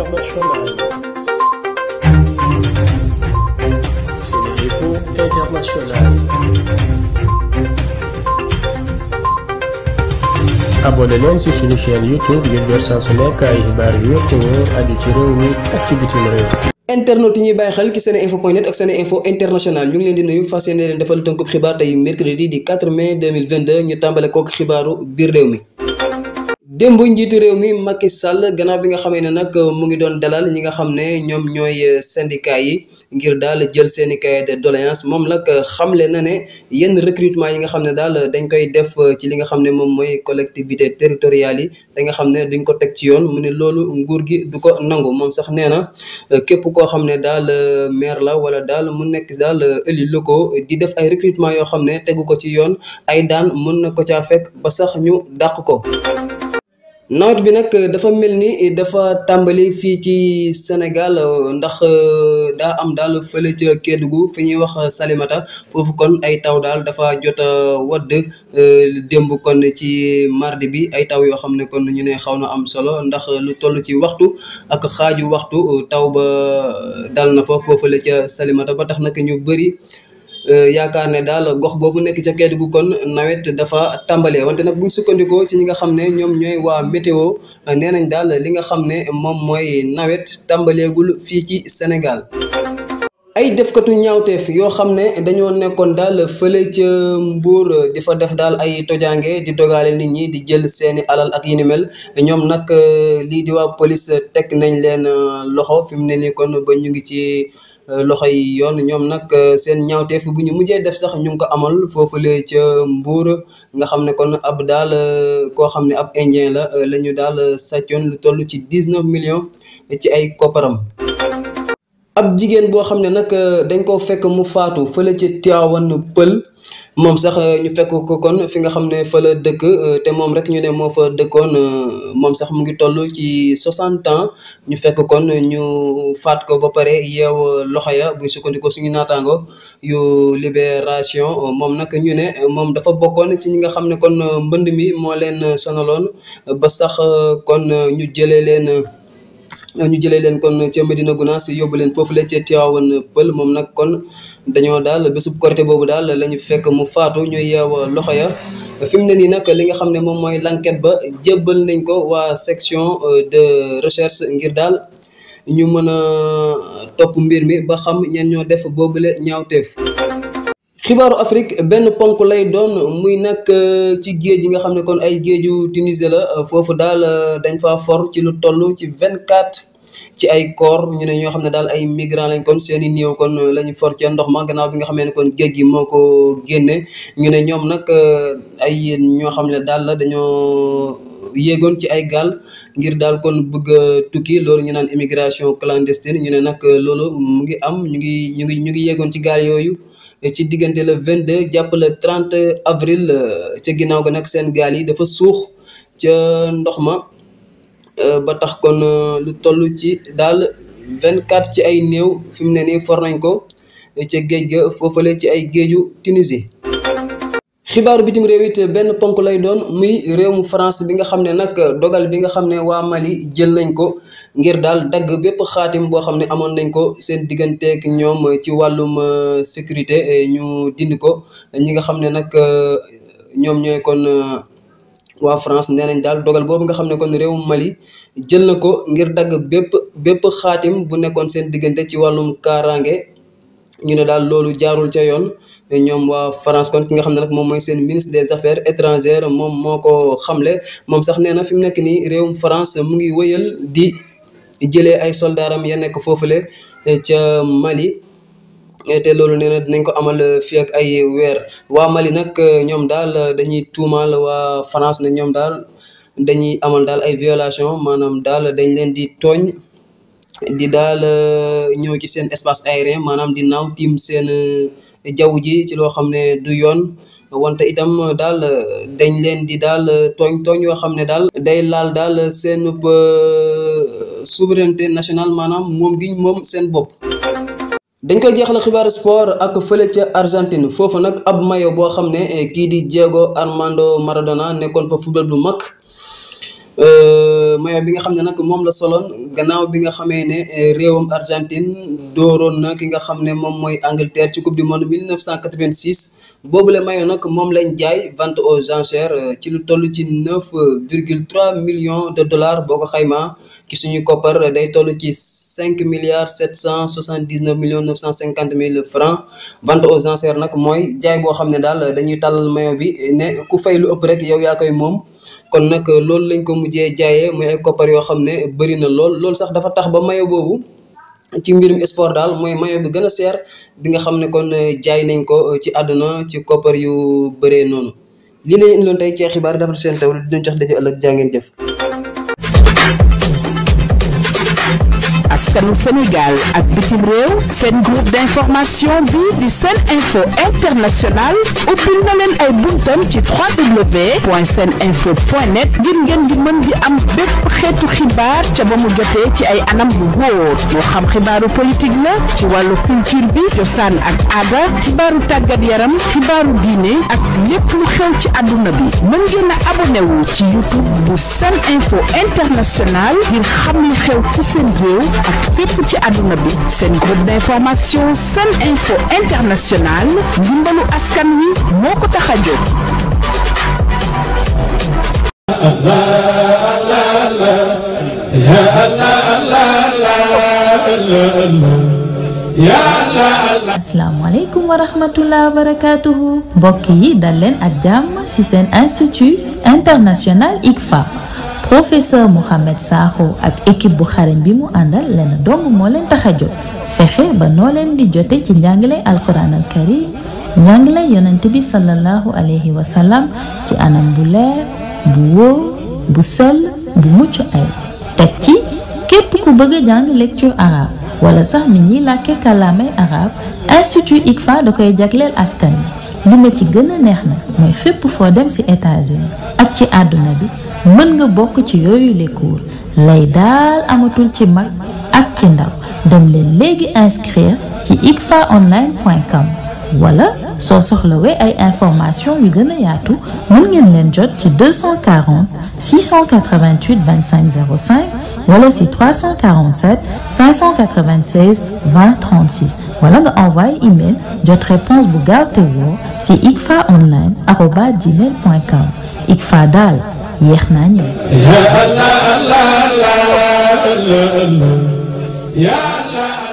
internationale. Sénéinfo International. abonné leen ci suñu chaîne YouTube ngir jot saa su xibaar yu wér te wóor aju ci réew mi ak ci bitim réew. internet yi ñuy bàyyi xel ci Seneinfo point net ak Seneinfo international ñu leen di nuyu fas yéene leen defal tënkub xibaar tey mercredi di 4 ñu tàmbale kook xibaaru biir réew mi démb njiitu réew mi Macky Sall gannaaw bi nga xamee ne nag mu ngi doon dalal ñi nga xam ne ñoom ñooy euh, syndicat yi ngir daal jël seeni i de doléance moom nag xamle na ne yenn recrutement yi nga xam ne daal dañ koy def euh, ci li nga xam ne moom mooy collectivité territoriales yi da nga xam ne duñ ko teg ci yoon mu ne loolu nguur gi du ko nangu moom sax nee na euh, képp koo xam ne daal maire la wala daal mu nekk daal élu ko di def ay recrutement yoo xam ne tegu ko ci yoon ay daan mën na ko caa fekk ba sax ñu dàq ko nawet bi nag euh, dafa mel ni dafa tàmbali fii ci Sénégal euh, ndax euh, daa am daal fële ca Kédougou fi ñuy wax Salimata foofu kon ay taw daal dafa jot a wadd démb kon ci mardi bi ay taw yoo xam ne kon ñu ne xaw na am solo ndax lu toll ci waxtu ak xaaju waxtu taw ba dal na fa foofu la ca Salimata ba tax nag ñu bari Euh, yaakaar ne daal gox boobu nekk ca gu kon nawet dafa tàmbalee wante nag bu sukkandikoo ci ñi nga xam ne ñoom ñooy waa météo euh, nee nañ daal li nga xam ne moom mooy nawet tàmbaleegul fii ci senegal ay defkatu ñaawteef yoo xam ne dañoo nekkoon daal fële ca Mbour euh, di fa def daal ay tojaange di dogaale nit ñi di jël seeni alal ak yi ñoom nag lii di waa police teg nañ leen loxo fi mu ne nii kon ba ñu ngi ci. Euh, loxo yi yoon ñoom nag euh, seen ñaawteef bu ñu mujjee def sax ñu ngi ko amal foofule ca Mbuur nga xam ne kon ab daal euh, koo xam ne ab indien la la ñu daal sàccoon lu toll ci dix-neuf millions ci ay kopparam jigéen boo xam ne nag euh, dañ koo fekk mu faatu fële ci Tivaouane pël moom sax euh, ñu fekk ko kon fi nga xam ne fa dëkk euh, te moom rek ñu ne moo fa dëkkoon moom sax mu ngi toll ci soixante ans ñu fekk kon ñu faat ko ba pare yeew loxo ya buy sukkandiku suñu naataango yu libération moom nag ñu ne moom dafa bokkoon ci ñi nga xam ne kon mbënd mi moo leen sonaloon ba sax kon ñu jëlee leen. ñu jëlee leen kon ca Medina Gounass yóbbu leen foofu la ca Tivaouane Peulh moom nag kon dañoo daal bésub Korité boobu daal lañu fekk mu faatu ñu yeew loxo ya fi mu ne nii nag li nga xam ne moom mooy l'enquête ba jëbbal nañ ko waa section euh, de recherche ngir daal ñu mën a topp mbir mi ba xam ñen ñoo def boobule ñaawteef xibaaru Afrique benn ponk lay doon muy nag euh, ci géej gi nga xam ne kon ay géeju Tunisie la euh, foofu daal euh, dañ fa for ci lu toll ci vingt quatre ci ay koor ñu ne ñoo xam ne daal ay migrants seen i néew kon la ñu for ndox ma gannaaw bi nga xamee ne kon géej gi moo ko génne ñu ne ñoom nag ay ñoo xam ne daal la dañoo yéegoon ci ay gaal ngir daal kon bëgg a tukki loolu ñu naan immigration clandestine ñu ne nag loolu mu ngi am ñu ngi ñu ngi ñu ngi yéegoon ci gaal yooyu. ci diggante la 22 jàpp le 30 avril euh, ca ginnaaw ga nag seen gaal yi dafa suux ca ndox ma euh, ba tax kon euh, lu toll ci daal 24 ci ay néew fi mu ne nii for nañ ko ca géej ga foofale ci ay géeju Tunisie. xibaaru bitim réew it benn ponk lay doon muy réew mu France bi nga xam ne nag dogal bi nga xam ne waa Mali jël nañ ko. ngir daal dagg bépp xaatim boo xam ne amoon nañ ko seen digganteeg ñoom ci wàllum euh, sécurité ñu dindi ko ñi nga xam ne nag euh, ñoom ñooy kon euh, waa France nee nañ daal boobu nga xam ne kon réewum Mali jël na ko ngir dagg bépp bépp xaatim bu nekkoon seen diggante ci wàllum kaaraange ñu ne daal loolu jaarul ca yoon ñoom waa France kon ki nga xam ne nag moom mooy seen ministre des affaires étranger moom moo ko xamle moom sax nee na fi mu nekk nii réewum France mu ngi wëyal di. jëlee ay soldaaram ya nekk foofule eh, ca Mali eh, te loolu nee na ko amal eh, fii ay weer waa Mali nag ñoom daal dañuy tuumaal waa France na ñoom daal dañuy amal daal ay violation maanaam daal dañ leen di tooñ di daal ñëw ci seen espace aérien maanaam di naaw tiim seen jaww ji ci loo xam ne du yoon wante itam daal dañ leen di daal tooñ tooñ yoo xam ne daal day laal daal seen souveraineté national maanaam moom giñ moom seen bopp dañ koy jeexal xibaaru sport ak fële ca Argentine foofu nag ab mayo boo xam ne eh, kii di Diego Armando Maradona nekkoon fa football bu mag eh, mayo bi nga xam ne nag moom la soloon gannaaw bi nga xamee ne eh, réewam Argentine dooroon na ki nga xam ne moom mooy Angleterre ci coupe du monde 1986 boobule mayo nag moom lañ jaay vente aux enchères ci lu toll ci 9 virgule 3 millions de dollars boo ko xaymaa ci suñu koppar day toll ci cinq milliards sept cent soixante dix neuf millions neuf cent cinquante mille francs vente aux enchères nag mooy jaay boo xam ne daal dañuy tàllal mayo bi ne ku fay lu ëpp rek yow yaa koy moom kon nag loolu lañ ko mujjee jaayee muy ay koppar yoo xam ne bëri na lool loolu sax dafa tax ba mayo boobu ci mbirum sport daal mooy mayo bi gën a seer bi nga xam ne kon jaay nañ ko ci àdduna ci koppar yu bëree noonu li la ñu indiloon tey ci xibaar dafa seen taw dinañ jox daje ëllëg jaa askanu Sénégal ak bitim seen groupe d'information ay buntam ci www point seen info point net ngir ngeen di mën di am bépp xeetu xibaar ca ba mu jotee ci ay anam bu wóor moo xam xibaaru politique la ci wàllu culture bi cosaan ak aada xibaaru tàggat yaram xibaaru diine ak lépp lu xew ci àdduna bi mën ngeen a ci youtube bu seen info international ngir xam li xew ci seen réew ak fépp ci àdduna bi seen groupe d'information seen info international ndimbalu askan wi moo ko tax a jóg. asalaamaaleykum wa rahmatullah wa barakaatuhu mbokk yi dal leen ak jàmm ci seen institut international ICFA. professeur Mouhamed Sakho ak équipe bu xarañ bi mu àndal lenn dong moo leen tax a jot fexe ba noo leen di jote ci njàngilay alquran al karim njàngilay yonent bi sallallahu alayhi wa sallam ci anam bu leer bu wóor bu sell bu mucc ay teg ci képp ku bëgg jàng lecture arabe wala sax nit ñuy làkke kàllaamay arabe institut ICFA da koy jagleel askan bi li ci gën a neex na mooy fépp foo dem si états ak ci àdduna bi mën nga bokk ci yooyu les cours lay daal amatul ci mag ak ci ndaw dem leen léegi inscrire ci icfaonline.com wala soo soxlawee ay information yu gën a yaatu mën ngeen leen jot ci 240 688 25 05 wala si 347 596 20 36 wala nga envoyé email jot réponse bu gaaw te woo si icfaonline arobas gmail com icfa daal yéex naa ñëw. yaa Allah Allah Allah Allah yaa Allah.